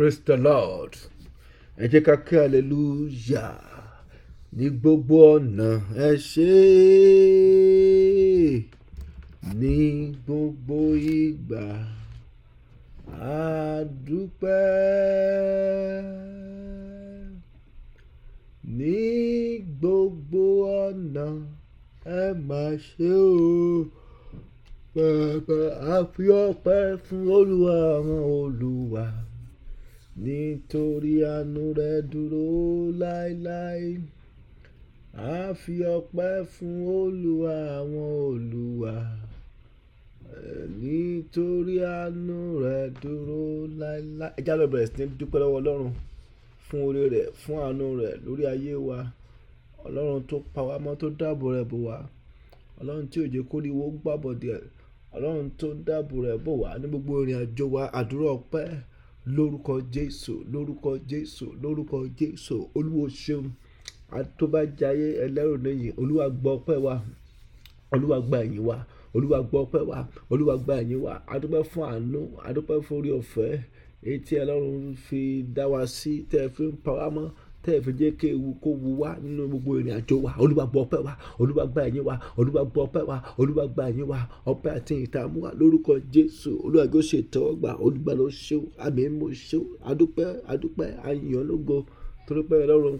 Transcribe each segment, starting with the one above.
praise the lord ẹ jẹ́ ká kí hallelujah ní gbogbo ọ̀nà ẹ ṣe ní gbogbo ìgbà a dúpẹ́ ní gbogbo ọ̀nà ẹ mà ṣe o pẹ̀pẹ̀ àfi ọpẹ́ fún olúwa àwọn olúwa nítorí àánú rẹ̀ dúró láéláé a fi ọpẹ́ fún olúwa àwọn olúwa nítorí àánú rẹ̀ dúró láéláé. ẹja lọ bẹ̀rẹ̀ sí ní dúpẹ́ lọ́wọ́ ọlọ́run fún oore rẹ̀ fún àánú rẹ̀ lórí ayé wa ọlọ́run tó pa wá mọ́ tó dáàbò rẹ̀ bò wá ọlọ́run tí òjò kórìíwó gbàbọ̀dẹ̀ ọlọ́run tó dáàbò rẹ̀ bò wá ní gbogbo ìrìn àjò wa àdúrà ọpẹ́ lórúkọ jésù lórúkọ jésù lórúkọ jésù olúwo ṣeun àtọ́bájayé ẹlẹ́rù lẹ́yìn olúwa gbọ́ ọpẹ́ wa olúwa gba ẹ̀yìn wa olúwa gbọ́ ọpẹ́ wa olúwa gba ẹ̀yìn wa adúpẹ́ fún àánú adúpẹ́ fún orí ọ̀fẹ́ etí ẹlọ́run fi dá wa sí tẹ́ fi ń pa wá mọ́ tẹ́ẹ̀fẹ́ jẹ́ kí ewu kó wu wá nínú gbogbo ìrìn àjò wa olúwa gbọ́ ọpẹ́ wa olúwa gba ẹ̀yìn wa olúwa gbọ́ ọpẹ́ wa olúwa ẹ̀yìn wa ọpẹ́ àti ìtààmú wa lórúkọ jésù olúwa yóò ṣe ìtẹ́wọ́gbà olúwa ló ṣe o àmì mo ṣe o adúpẹ́ adúpẹ́ ayànlógo torí pé ọlọ́run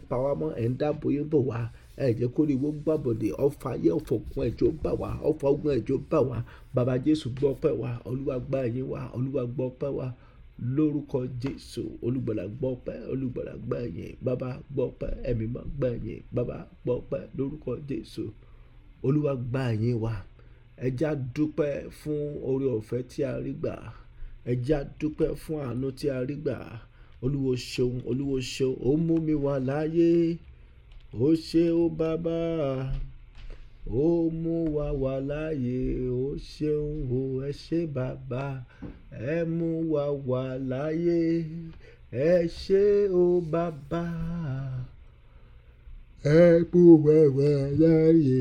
ẹ̀ ń dáàbò yín bò wá ẹ jẹ́ kó ní wọ́n gbàbọ̀dé ọ̀fà ayé ọ̀fọ̀ ẹ̀jọ́ bà wá ọ̀fà ogun ẹ̀jọ́ bà wá bàbá jésù gbọ́ ọpẹ́ wa olúwa gba ẹ̀yìn wa olúwa gbọ́ ọpẹ́ wa lórúkọ jésù olùgbàlà gbọ́ pẹ́ olùgbàlà gbọ́ ẹ̀yìn bàbá gbọ́ pẹ́ ẹ̀mí mọ́ gbọ́ ẹ̀yìn bàbá gbọ́ pẹ́ lórúkọ jésù olúwa gbà yín wá ẹ jẹ́ á dúpẹ́ fún oore ọ̀fẹ́ tí a rí gbà ẹ jẹ́ á dúpẹ́ fún àánú tí a rí gbà olúwo ṣeun olúwo ṣeun ó mú mi wà láyé ó ṣe ó bàbá ó mú wa wà láàyè ó ṣeun o ẹ ṣé bàbá ẹ mú wa wà láàyè ẹ ṣé o bàbá ẹ mú wa wà láàyè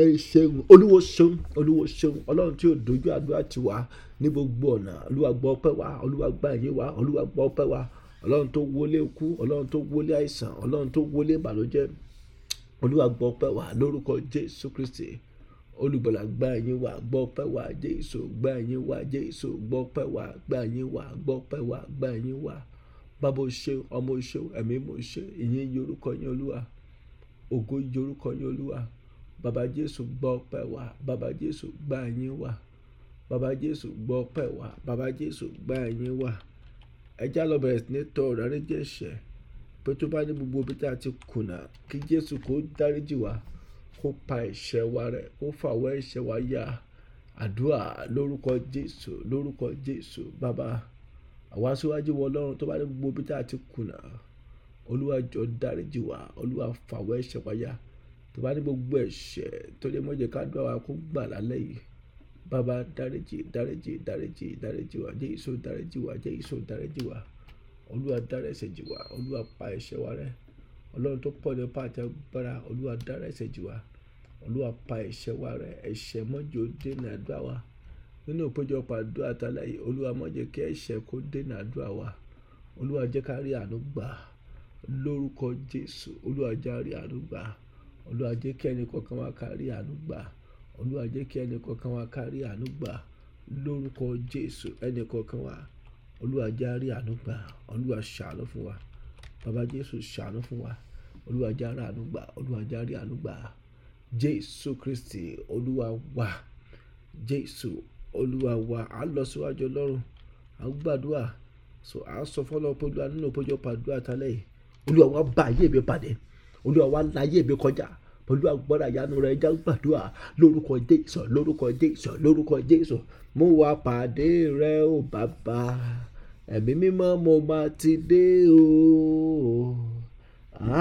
ẹ ṣeun olúwo ṣeun olúwo ṣeun ọlọ́run tí ò dojú àdúrà tiwa ní gbogbo ọ̀nà olúwa gbọ́ ọpẹ́ wa olúwa gbà yín wa olúwa gbọ́ ọpẹ́ wa ọlọ́run tó wọlé ikú ọlọ́run tó wọlé àìsàn ọlọ́run tó wọlé ìbànújẹ́ olúwa gbọ́ pẹ́ wá lórúkọ jésù kristi olùgbàlà gbà yín wá gbọ́ pẹ́ wá jésù gbà yín wá jésù gbọ́ pẹ́ wá gbà yín wá gbọ́ pẹ́ wá gbà yín wá bàbá o ṣeun ọmọ o ṣeun ẹ̀mí mo ṣe ìyìn yorùkọ yín olúwa ògo yorùkọ yín olúwa bàbá jésù gbọ́ pẹ́ wá bàbá jésù gbà yín wá bàbá jésù gbọ́ pẹ́ wá bàbá jésù gbà yín wá ẹjá lọ bẹ̀rẹ̀ sí ní tọ́ ọ̀rọ̀ ẹni jẹ́ ẹ̀ṣẹ̀ pé tó bá ní gbogbo ibi tá a ti kùnà kí Jésù kó dáríjì wá kó pa ẹ̀ṣẹ̀ wa rẹ́ kó fàwọ́ ẹ̀ṣẹ̀ wa yá àdúrà lórúkọ Jésù lórúkọ Jésù bàbá àwa síwájú wọ Ọlọ́run tó bá ní gbogbo ibi tá a ti kùnà Olúwa jọ dáríjì wá Olúwa fàwọ́ ẹ̀ṣẹ̀ wa yá tó bá ní gbogbo ẹ̀ṣẹ̀ tó lè mọ̀jẹ̀ ká dúrà wá kó gbà lálẹ́ yìí bàbá dáríjì dáríjì dáríjì dáríjì wá Jésù dáríjì wá Jésù dáríjì wá olúwa dárí ẹ̀ṣẹ̀ jì wá olúwa pa ẹ̀ṣẹ̀ wa rẹ́ ọlọ́run tó pọ̀ nípa àtẹ̀gbára olúwa dárí ẹ̀ṣẹ̀ jì wá olúwa pa ẹ̀ṣẹ̀ wa rẹ́ ẹ̀ṣẹ̀ mọ́jọ dènà àdúrà wa nínú ìpéjọpọ̀ àdúrà tálá yìí olúwa má kí ẹ̀ṣẹ̀ kó dènà àdúrà wa olúwa jẹ́ ká rí àánú gbà lórúkọ jésù olúwa jẹ́ ká rí àánú gbà olúwa jẹ́ kí ẹnì kọ̀ọ̀kan wa ká rí àánú gbà olúwa jẹ́ kí ẹnì kọ̀ọ̀kan wa ká rí àánú gbà lórúkọ jésù ẹnì kọ̀ọ̀kan wa olúwa jẹ́ àrí àánú gbà olúwa ṣàánú fún wa bàbá jésù ṣàánú fún wa olúwa jẹ́ àrí àánú gbà olúwa jẹ́ àrí àánú gbà jésù kristi olúwa wa jésù olúwa wa à lọ síwájú ọlọ́run à gbàdúrà so à ń sọ fọlọ́ pẹ̀lú nínú ìpéjọ pàdúrà tálẹ̀ yìí olúwa wa bá ayé mi pàdé olúwa wa la ayé mi kọjá pẹ̀lú agbára ìyanu rẹ̀ já gbàdúrà lórúkọ Jésù lórúkọ Jésù lórúkọ Jésù mú wa pàdé rẹ ó bàbá ẹ̀mí mímọ́ mo máa ti dé o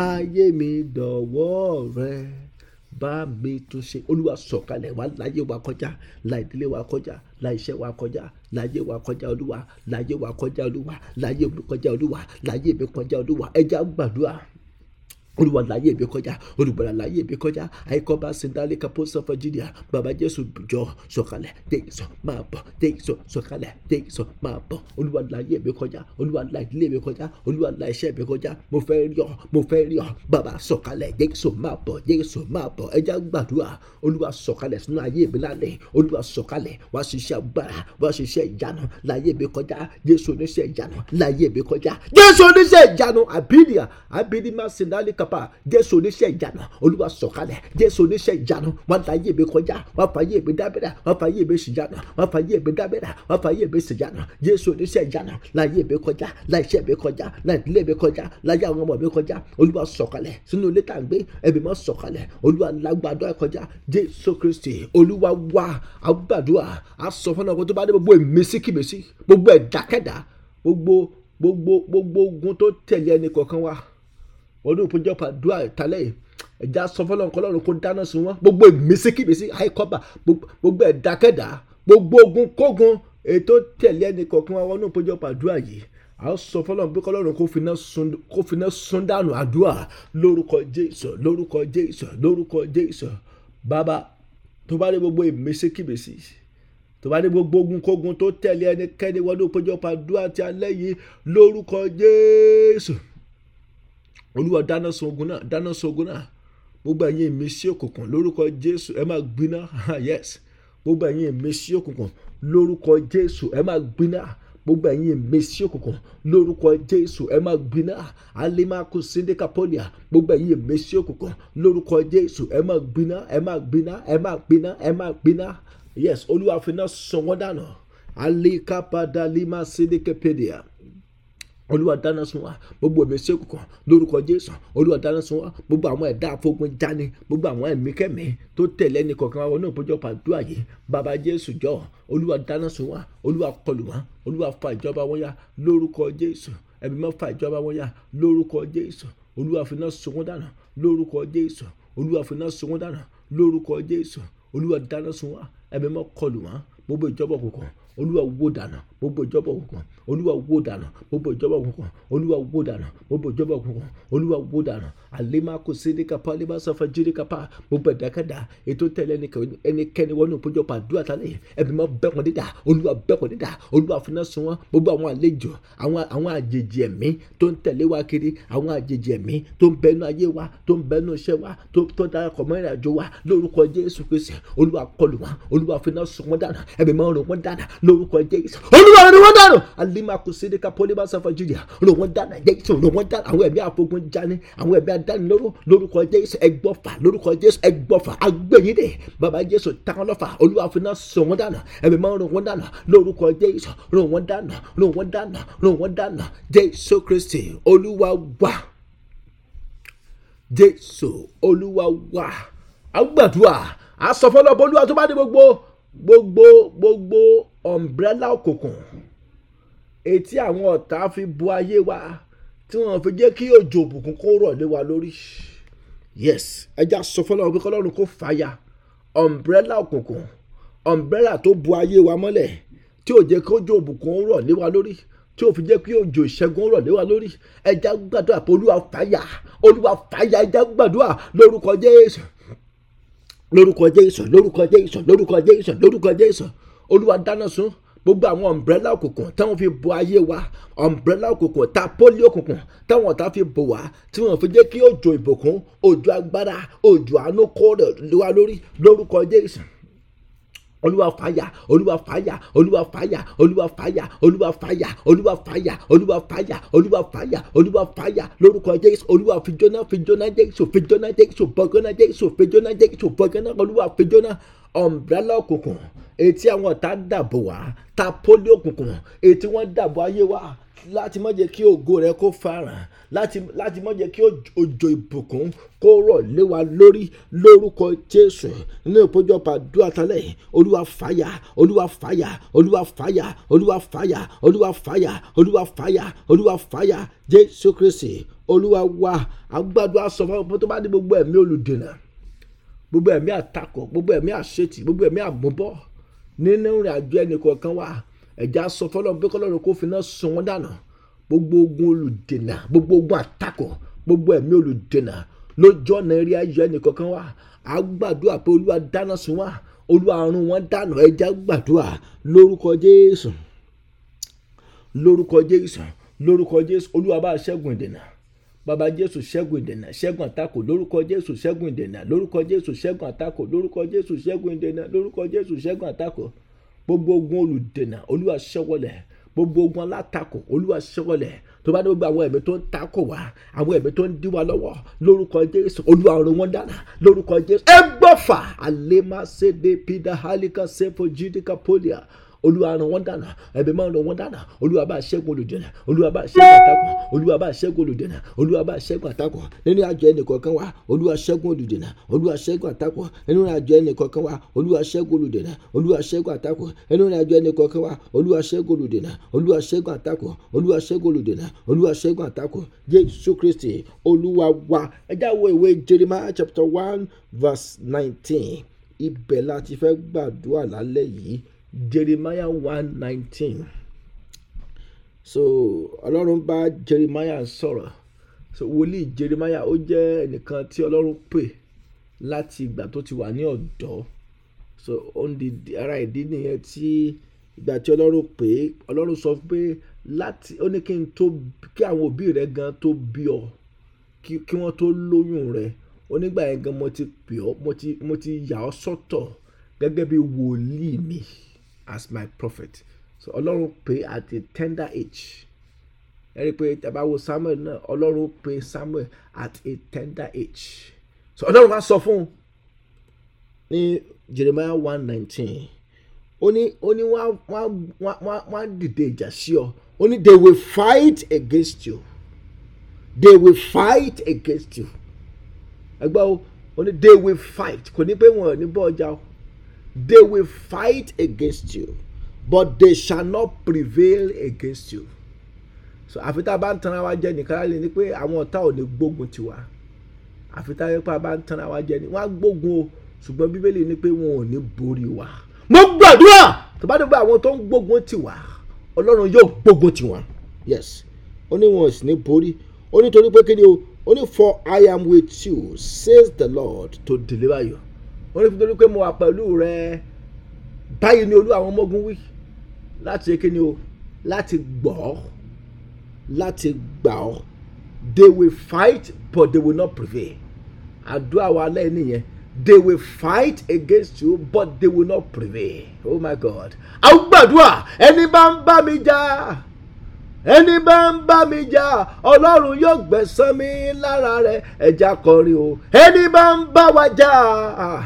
ayé mi dọ̀wọ́ rẹ bá mi tún ṣe olúwa sọ̀kalẹ̀ wá láyé wa kọjá la ìdílé wa kọjá la iṣẹ́ wa kọjá láyé wa kọjá olúwa láyé wa kọjá olúwa láyé mi kọjá olúwa láyé mi kọjá olúwa ẹja gbàdúrà olúwa láyé mi kọjá olùgbàlà láyé mi kọjá àìkọ́bá sindali kapo sanfọ jìnnìà bàbá jésù jọ sọ̀kalẹ̀ jésù máa bọ̀ jésù sọ̀kalẹ̀ jésù máa bọ̀ olúwa láyé mi kọjá olúwa là ilé mi kọjá olúwa là iṣẹ́ mi kọjá mo fẹ́ rí ọ mo fẹ́ rí ọ bàbá sọ̀kalẹ̀ jésù máa bọ̀ jésù máa bọ̀ ẹjá gbàdúrà olúwa sọ̀kalẹ̀ sínú ayé mi lálẹ́ olúwa sọ̀kalẹ̀ wá ṣiṣẹ́ agbára wá ṣiṣẹ́ ìyanu láyé mi kọjá kapo kápá jésù oníṣẹ́ ìjànà olúwa sọ̀kalẹ̀ jésù oníṣẹ́ ìjànà wọ́n fa yé mi kọjá wọ́n fa yé mi dábẹ́rẹ́ wọ́n fa yé mi ṣìjànà wọ́n fa yé mi dábẹ́rẹ́ wọ́n fa yé mi ṣìjànà jésù oníṣẹ́ ìjànà láyé mi kọjá láìṣẹ́ mi kọjá láìdílé mi kọjá láyé àwọn ọmọ mi kọjá olúwa sọ̀kalẹ̀ sínú ilé tá à ń gbé ẹbí mọ́ sọ̀kalẹ̀ olúwa lágbàdo àkọjá jésù kristi olúwa wá àgbàdua àsọ fún wa wọn ní òpin jọpa dúà ìtàlẹ́ yìí ẹja sọ fọlọ́run kọlọ́run kó dáná sun wọn gbogbo ìmísíkìmísí àìkọ́bà gbogbo ẹ̀dákẹ́dá gbogbo ogun kógun ètò tẹ̀lé ẹnì kọ̀ọ̀kan wọn ní òpin jọpa dúà yìí a sọ fọlọ́run pé kọlọ́run kó finá sun dànù àdúà lórúkọ Jésù lórúkọ Jésù lórúkọ Jésù bàbá tó bá dé gbogbo ìmísíkìmísí tó bá ní gbogbo ogunkógun tó tẹ̀lé ẹnikẹ́ni wọnú péjọpọ̀ àdúrà ti alẹ́ yìí lórúkọ Jésù olúwa dáná sun ogun náà dáná sun ogun náà gbogbo ẹ̀yin ìmísí òkùnkùn lórúkọ jésù ẹ máa gbiná yes gbogbo ẹ̀yin ìmísí òkùnkùn lórúkọ jésù ẹ máa gbiná gbogbo ẹ̀yin ìmísí òkùnkùn lórúkọ jésù ẹ máa gbiná alimaku sindikapolia gbogbo ẹ̀yin ìmísí òkùnkùn lórúkọ jésù ẹ máa gbiná ẹ máa gbiná ẹ máa gbiná ẹ máa gbiná yes olúwa fi náà sọ wọn dànù alikapadalima olúwa dáná sun wa gbogbo ẹ̀mí ṣẹ́kù kan lórúkọ jésù olúwa dáná sun wa gbogbo àwọn ẹ̀dá àfogun jáni gbogbo àwọn ẹ̀mí kẹ̀mí tó tẹ̀lé ní kọ̀ọ̀kan wa náà péjọ pàdúrà yìí bàbá jésù jọ olúwa dáná sun wa olúwa kọlù wọn olúwa fa ìjọba wọn ya lórúkọ jésù ẹ̀mí mọ́ fa ìjọba wọn ya lórúkọ jésù olúwa fi iná sun wọn dànù lórúkọ jésù olúwa fi iná sun wọn lórúkọ jésù olúwa dáná sun wa ẹ̀mí mọ́ kọlù wọn gbogbo ìjọba òkùnkùn olúwa wó dànù gbogbo ìjọba òkùnkùn olúwa wó dànù gbogbo ìjọba òkùnkùn olúwa wó dànù gbogbo ìjọba òkùnkùn olúwa wó dànù àlèmàkò sídìkàpá àlèmàsọfà jírìkàpá gbogbo ẹ̀dákẹ́dá ètò tẹ̀lé ẹnikẹ́ni wọnú ìpéjọpọ̀ àdúrà tálẹ̀ ẹ̀mí mọ́ bẹ́kùn dídà olúwa bẹ́kùn dídà olúwa fúnná sun wọn gbogbo àwọn àlejò àwọn àjèjì ẹ̀mí tó ń tẹ̀lé wa kiri àwọn àjèjì ẹ̀mí tó ń bẹnu ayé wa tó ń bẹnu iṣẹ́ wa tó ń darapọ̀ mọ́ ìrìnàjò wa lórúkọ jésù kristi olúwa kọlù wọn olúwa fúnná sun lórúkọ jésù olúwa ni wọ́n dànù alimaku sídìkà pọlíbàṣàfà jìyà ló wọ́n dànù jésù ló wọ́n dànù àwọn ẹ̀mí àfogun jani àwọn ẹ̀mí adánilóró lórúkọ jésù ẹgbọ́fà lórúkọ jésù ẹgbọ́fà agbẹ̀yìndé baba jésù táwọn lọ́fà olúwa fúnná sọ wọ́n dànù ẹ̀mí máa ń rún wọ́n dànù lórúkọ jésù rún wọ́n dànù rún wọ́n dànù rún wọ́n dànù jésù kristi olúwa wà jésù olúwa wà àgbàdua àsọfọlọpọ olúwa tó bá dé gbogbo gbogbo gbogbo ọ̀mbrẹ́là òkùnkùn etí àwọn ọ̀tá fi bu ayé wa tí wọ́n fi jẹ́ kí òjò òbùkún kó rọ̀ lé wa lórí yes ẹja sọ fọlọ́run pé kọlọ́run kó fàyà ọ̀mbrẹ́là òkùnkùn ọ̀mbrẹ́là tó bu ayé wa mọ́lẹ̀ tí ò jẹ́ kí òjò òbùkún rọ̀ lé wa lórí tí ò fi jẹ́ kí òjò ìṣẹ́gun rọ̀ lé wa lórí ẹja gbàdúrà pé olúwa fàyà olúwa fàyà ẹja gbàdúrà lórúkọ jésù lórúkọ jésù lórúkọ jésù lórúkọ jésù lórúkọ jésù olúwa dáná sun gbogbo àwọn ọ̀mbrẹ́là òkùnkùn táwọn fi bo ayé wa ọ̀mbrẹ́là òkùnkùn ta pólí òkùnkùn táwọn ọ̀tá fi bò wá tí wọ́n fi jẹ́ kí òjò ìbùkún òjò agbára òjò àánú kó lórí lórúkọ jésù olúwa fàyà olúwa fàyà olúwa fàyà olúwa fàyà olúwa fàyà olúwa fàyà olúwa fàyà olúwa fàyà olúwa fàyà lórúkọ jésù olúwa fìjọ́nà fìjọ́nà jésù fìjọ́nà jésù bọ̀gánà jésù fìjọ́nà jésù bọ̀gánà olúwa fìjọ́nà ọ̀mbrẹ́là òkùnkùn etí àwọn ọ̀tá dàbò wá ta pólí òkùnkùn etí wọ́n dàbò ayé wa láti má jẹ́ kí ògo rẹ kó farahàn láti láti mọ́ jẹ́ kí òjò ìbùkún kó rọ̀ lé wa lórí lórúkọ jésù nínú ìpọ́jọ́ pàdúrà tálẹ̀ olúwa fàyà olúwa fàyà olúwa fàyà olúwa fàyà olúwa fàyà olúwa fàyà olúwa fàyà jésù kristi olúwa wa agbádùn aṣọ fún ọmọ tó bá ní gbogbo ẹ̀mí olùdènà gbogbo ẹ̀mí àtakò gbogbo ẹ̀mí àṣetì gbogbo ẹ̀mí àmúbọ̀ nínú ìrìn àjò ẹnì kọ̀ọ̀kan wa ẹ̀já sọ fọlọ́run pé kọ́lọ́run kó fi náà sun wọn dànù gbogbo ogun olùdènà gbogbo ogun àtakò gbogbo ẹ̀mí olùdènà lójú ọ̀nà eré ayọ̀ ẹnìkankan wa a gbàdúrà pé olúwa dáná sun wa olúwa run wọn dànù ẹja gbàdúrà lórúkọ jésù lórúkọ jésù lórúkọ jésù olúwa bá ṣẹ́gun ìdènà Baba jésù ṣẹ́gun ìdènà ṣẹ́gun àtakò lórúkọ jésù ṣẹ́gun ìdènà lórúkọ jésù ṣẹ́gun àtakò lórúkọ jésù ṣẹ́gun ìdènà lórúkọ jésù ṣẹ́gun àtakò gbogbo ogun olùdènà olúwa ṣẹ́wọ́lẹ̀ gbogbo ogun alátakò olúwa ṣẹ́wọ́lẹ̀ tó bá ní gbogbo àwọn ẹ̀mí tó ń takò wá àwọn ẹ̀mí tó ń dí wa lọ́wọ́ lórúkọ jésù olúwa ọ̀run wọn dáná lórúkọ jésù ẹgbọ́fà alema sede pida halika sefo jidika polia olúwa ràn wọ́n dànù ẹ̀bẹ̀ máa ràn wọ́n dànù olúwa bá ṣẹ́gun olùdènà olúwa bá ṣẹ́gun àtakò olúwa bá ṣẹ́gun olùdènà olúwa bá ṣẹ́gun àtakò nínú àjọ ẹnìkọ̀ọ̀kan wa olúwa ṣẹ́gun olùdènà olúwa ṣẹ́gun àtakò nínú àjọ ẹnìkọ̀ọ̀kan wa olúwa ṣẹ́gun olùdènà olúwa ṣẹ́gun àtakò nínú àjọ ẹnìkọ̀ọ̀kan wa olúwa ṣẹ́gun olùdènà olúwa ṣẹ́gun àtakò olúwa ṣẹ́gun olùdènà olúwa ṣẹ́gun àtakò jésù kristi olúwa wa ẹjá wo ìwé jeremiah chapter one verse nineteen ibẹ̀ la ti fẹ́ gbàdúrà lálẹ́ yìí Jeremiah one nineteen so ọlọ́run bá Jeremiah sọ̀rọ̀ so wòlíì Jeremiah ó jẹ́ ẹnìkan tí ọlọ́run pè láti ìgbà tó ti wà ní ọ̀dọ́ so ara ìdí nìyẹn tí ìgbà tí ọlọ́run pè é ọlọ́run sọ pé láti ó ní kí n tó kí àwọn òbí rẹ gan tó bí ọ kí wọ́n tó lóyún rẹ onígbà yẹn gan mo ti pè ọ́ mo ti yà ọ́ sọ́tọ̀ gẹ́gẹ́ bí wòlíì mi. Mm -hmm as my prophet so ọlọ́run pè at a tender age ẹ rí i pé wo samuel náà ọlọ́run pè samuel at a tender age so ọlọ́run wá sọ fún un jeremiah one nineteen ó ní ó ní wọ́n á dìde ìjà sí ọ ó they will fight against you they will fight against you ẹgbẹ́ o ó they will fight kò ní pé wọ́n ò ní bọ́ ọjà o They will fight against you, but they shall not prevail against you. So àfi tá a bá ń tanra wa jẹ nìkan láti ní pé àwọn ọ̀tá ò ní gbógun tiwa. Àfi tá a bá ń tanra wa jẹ ni wọ́n á gbógun o ṣùgbọ́n Bíbélì ní pé wọn ò ní borí wa. Mo gbàdúrà tó bá dé bá àwọn tó ń gbógun tiwa Ọlọ́run yóò gbógun tiwọn. Yes, ó ní wọn ò sì ní borí. Ó ní torí pé kí ni o? Ó ní for I am with you says the Lord to deliver you ó ní nítorí pé mo wà pẹ̀lú rẹ báyìí ni olú àwọn ọmọ ogun wí láti eke ni o láti gbọ́ láti gbà ọ́ they will fight but they will not prevail àdúrà wa alẹ́ nìyẹn they will fight against you but they will not prevail oh my god àwọn gbàdúrà ẹni bá ń bá mi jà ẹni bá ń bá mi jà ọlọ́run yóò gbẹ̀san mi lára rẹ̀ ẹja kọrin o ẹni bá ń bá wa jà. Ah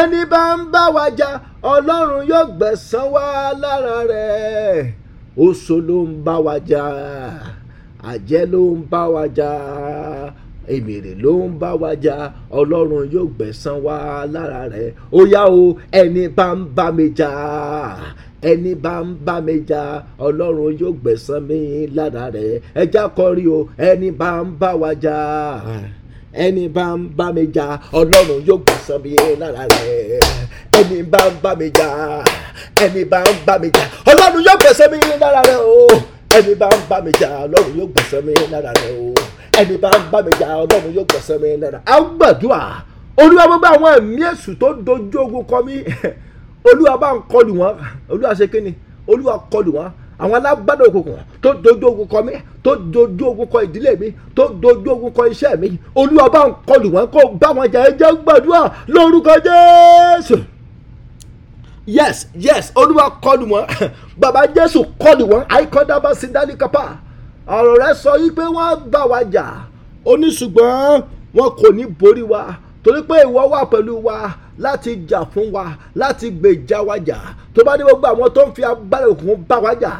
ẹni bá ń bá wa jà ọlọ́run yóò gbẹ̀san wá lára rẹ̀ oṣó ló ń bá wa jà àjẹ́ ló ń bá wa jà èmèrè ló ń bá wa jà ọlọ́run yóò gbẹ̀san wá lára rẹ̀ ó yá o ẹni bá ń bá mi jà ẹni bá ń bá mi jà ọlọ́run yóò gbẹ̀san mi lára rẹ̀ ẹja kọrí o ẹni bá ń bá wa jà ẹni bá ń bá mi jà ọlọ́run yóò gbẹ̀san mi lára rẹ̀ ẹni bá ń bá mi jà ẹni bá ń bá mi jà ọlọ́run yóò gbẹ̀san mi lára rẹ̀ o ẹni bá ń bá mi jà ọlọ́run yóò gbẹ̀san mi lára rẹ̀ o ẹni bá ń bá mi jà ọlọ́run yóò gbẹ̀san mi lára rẹ̀. a ń gbàdúrà olúwa gbogbo àwọn ẹ̀mí èṣù tó dojú ogun kọ mí olúwa bá ń kọlù wọn olúwa ṣe kíni olúwa kọlù wọn àwọn alábàdàn òkùnkùn tó dojú ogun kọ mi tó dojú ogun kọ ìdílé mi tó dojú ogun kọ iṣẹ́ mi olúwa bá ń kọlù wọn kó bá wọn jà ẹ jẹ́ gbàdúrà lórúkọ jésù yes yes olúwa kọlù wọn bàbá jésù kọlù wọn àìkọ́dábà sí dáníkápá ọ̀rọ̀ rẹ sọ yí pé wọ́n bá wa jà ó ní ṣùgbọ́n wọn kò ní borí wa torí pé ìwọ wà pẹ̀lú wa láti jà fún wa láti gbèjà wa jà tó bá dé gbogbo àwọn tó ń fi agbára òkun bá wa jà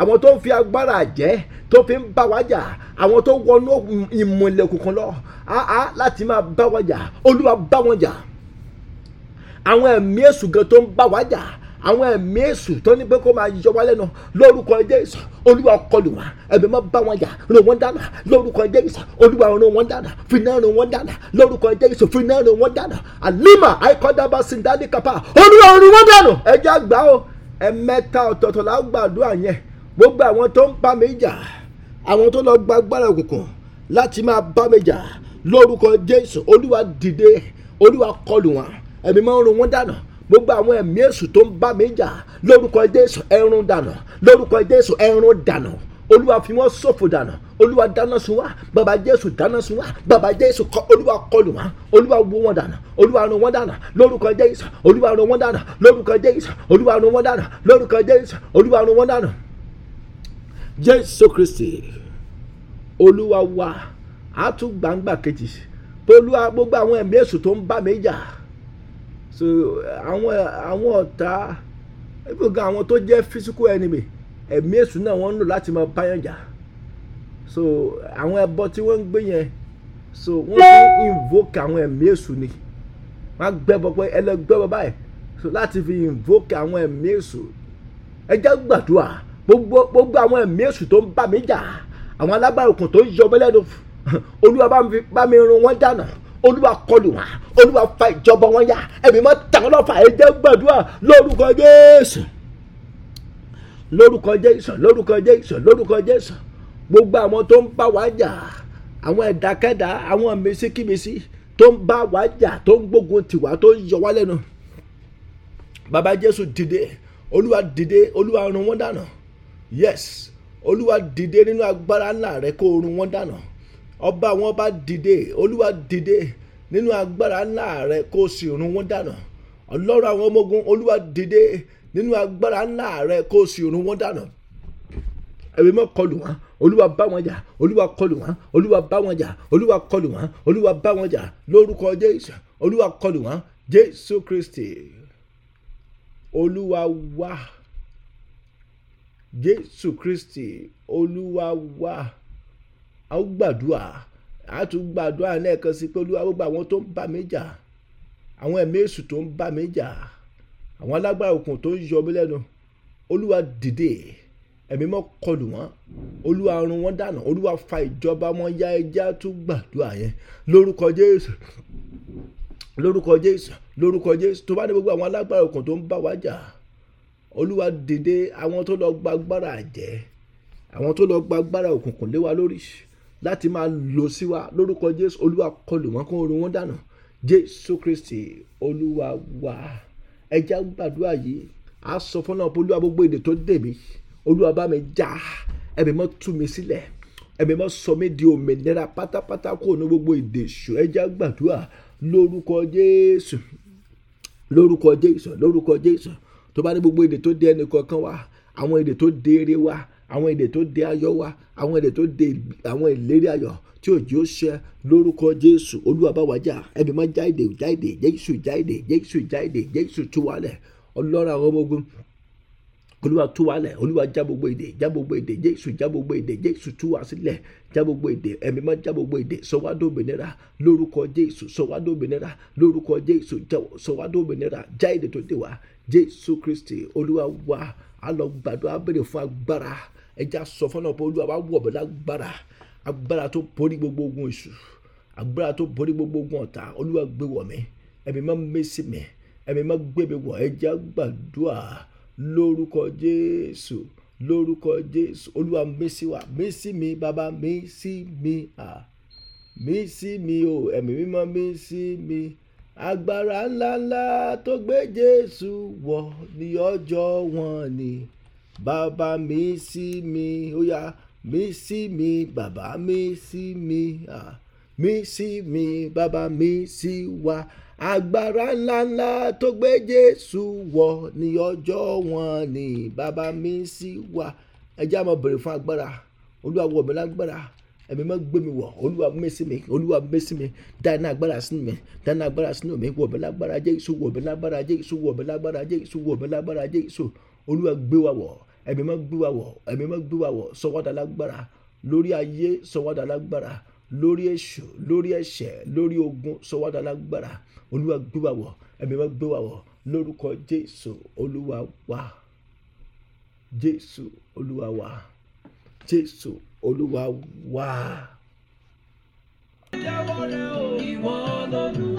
àwọn tó ń fi agbára àjẹ́ tó fi ń bá wa jà àwọn tó wọnú ìmùlẹ̀ òkùnkùn lọ àá láti máa bá wa jà olúwa bá wọn jà àwọn ẹ̀mí èṣù gan tó ń bá wa jà àwọn ẹ̀mí èṣù tó ní pé kó máa yọ wá lẹ́nu lórúkọ Jésù olúwa kọlù wọn ẹ̀mí má bá wọn jà rò wọ́n dànù lórúkọ Jésù olúwa rò wọ́n dànù fìnnà rò wọ́n dànù lórúkọ Jésù fìnnà rò wọ́n dànù àlímà àìkọ́dábà sìndálì kápá olúwa rò wọ́n dànù ẹ̀jẹ̀ àgbà o ẹ̀mẹ́ta ọ̀tọ̀ọ̀tọ̀ la gbàdúrà yẹn gbogbo àwọn tó ń bá mi jà àwọn tó lọ gbàgbára òkùnkùn láti máa bá mi jà lórúkọ Jésù olúwa dìde olúwa kọlù wọn ẹ̀mí máa ń rò wọ́n gbogbo àwọn ẹ̀mí èṣù tó ń bá mi jà lórúkọ Jésù ẹ̀rùn dànù lórúkọ Jésù ẹ̀rùn dànù olúwa fi wọ́n ṣòfò dànù olúwa dáná sun wá bàbá jésù dáná sun wá bàbá jésù kọ olúwa kọlù wá olúwa wó wọn dànù olúwa run wọn dànù lórúkọ jésù olúwa run wọn dànù lórúkọ jésù olúwa run wọn dànù lórúkọ jésù olúwa run wọn dànù. jésù kristi olúwa wa àtúgbàǹgbà kejì olúwa gbogbo àwọn ẹ̀mí èṣù tó ń bá mi jà so àwọn àwọn ọ̀tá ibùgán àwọn tó jẹ́ physical enemy ẹ̀mí èṣù náà wọ́n ń lò láti máa báyàn jà so àwọn ẹbọ tí wọ́n ń gbé yẹn so wọ́n fi invoke àwọn ẹ̀mí èṣù ni wọ́n á gbẹ́bọ pé ẹ lọ gbẹ́bọ báyìí so láti fi invoke àwọn ẹ̀mí èṣù ẹ jẹ́ gbàdúrà gbogbo gbogbo àwọn ẹ̀mí èṣù tó ń bá mi jà àwọn alágbàrúkùn tó ń yọ mí lẹ́nu olúwa bá mi run wọ́n dànù olúwa kọlù wọn olúwa fa ìjọba wọn yá ẹ̀mí mọ́ tàwọn lọ́fà ẹ jẹ́ gbàdúrà lórúkọ jésù lórúkọ jésù lórúkọ jésù lórúkọ jésù gbogbo àwọn tó ń bá wa jà àwọn ẹ̀dákẹ́dá àwọn mísíkímísí tó ń bá wa jà tó ń gbógun tiwa tó ń yọ wá lẹ́nu bàbá jésù dìde olúwa dìde olúwa run wọn dànù yes olúwa dìde nínú agbára ńlá rẹ kó run wọn dànù ọba àwọn ọba dìde olúwa dìde nínú agbára ńlá rẹ kó o sì run wọn dànù ọlọ́run àwọn ọmọ ogun olúwa dìde nínú agbára ńlá rẹ kó o sì run wọn dànù ẹ̀rí mọ́ kọlù wọn olúwa bá wọn jà olúwa kọlù wọn olúwa bá wọn jà olúwa kọlù wọn olúwa bá wọn jà lórúkọ jésù olúwa kọlù wọn jésù kristi olúwa wá jésù kristi olúwa wá a ó gbàdúrà a tún gbàdúrà lẹ́ẹ̀kan sí pé olúwa gbogbo àwọn tó ń bá mi jà àwọn ẹ̀mí èṣù tó ń bá mi jà àwọn alágbára òkun tó ń yọ mí lẹ́nu olúwa dìde ẹ̀mí mọ́ kọlù wọn olúwa run wọn dànù olúwa fa ìjọba wọn ya ẹja tún gbàdúrà yẹn lórúkọ jésù lórúkọ jésù lórúkọ jésù tó bá ní gbogbo àwọn alágbára òkun tó ń bá wa jà olúwa dìde àwọn tó lọ gba agbára àjẹ́ àwọn tó lọ gba agbára òkùnkùn lé wa lórí láti máa lò sí wa lórúkọ jésù olúwa kọlù wọn kó orun wọn dànù jésù kristi olúwa wa ẹja gbàdúrà yìí a sọ fọlọ́n pé olúwa gbogbo èdè tó dè mí olúwa bá mi jà ẹ̀mí mọ́ tú mi sílẹ̀ ẹ̀mí mọ́ sọ mí di òmìnira pátápátá kó ní gbogbo èdè èṣù ẹja gbàdúrà lórúkọ jésù lórúkọ jésù lórúkọ jésù tó bá ní gbogbo èdè tó dè ẹnì kọ̀ọ̀kan wa àwọn èdè tó dè wa àwọn èdè tó de ayọ̀ wá àwọn èdè tó de àwọn ìlérí ayọ̀ tí òjì ó ṣẹ lórúkọ jésù olúwa bá wa jà ẹbí má jáde jáde jésù jáde jésù jáde jésù tú wálẹ̀ ọlọ́run àwọn ọmọ ogun olúwa tú wa lẹ̀ olúwa já gbogbo èdè já gbogbo èdè jésù já gbogbo èdè jésù tú wa sílẹ̀ já gbogbo èdè ẹ̀mí máa já gbogbo èdè sọwádó òmìnira lórúkọ jésù sọwádó òmìnira lórúkọ jésù sọwádó òmìnira já èdè tó dé wa jésù kristi olúwa wa a gbàdúrà béèrè fún agbára ẹja sọ fún náà pé olúwa wá wọ̀ bẹ́ẹ̀ lágbára agbára tó borí gbogbo ogun èṣù agbára tó borí gbogbo ogun ọ̀tá olúwa gbé wọ̀ mí ẹ̀mí má mẹ́sì mi ẹ̀mí má gbé mi wọ̀ ẹja gbàdúrà lórúkọ jésù lórúkọ jésù olúwa mẹ́sì wa mẹ́sì mi bàbá mẹ́sì mi à mẹ́sì mi o ẹ̀mí mímọ́ mẹ́sì mi agbára ńláńlá tó gbé jésù wọ̀ ní ọjọ́ wọn ni. Ojo, bàbá mi sí mi ó yá mi sí mi bàbá mi sí mi ah. mi sí mi bàbá mi sí wa agbára ńláńlá tó gbé Jésù wọ ní ọjọ́ wọn ni bàbá mi sí wa ẹ jẹ́ á máa bèrè fún agbára olúwa wọ̀ mí lágbára ẹ̀mí máa gbé mi wọ̀ olúwa mẹ́sí mi olúwa mẹ́sí mi dáná agbára sínú mi dáná agbára sínú mi wọ̀ mí lágbára Jésù wọ̀ mí lágbára Jésù wọ̀ mí lágbára Jésù wọ̀ mí lágbára Jésù olúwa gbé wa wọ̀ ẹ̀mí mọ́ gbé wa wọ̀ ẹ̀mí mọ́ gbé wa wọ̀ sọwọ́dà lágbára lórí ayé sọwọ́dà lágbára lórí èṣù lórí ẹ̀ṣẹ̀ lórí ogun sọwọ́dà lágbára olúwa gbé wa wọ̀ ẹ̀mí mọ́ gbé wa wọ̀ lórúkọ jésù olúwa wa jésù olúwa wa jésù olúwa wa. ìwọ ló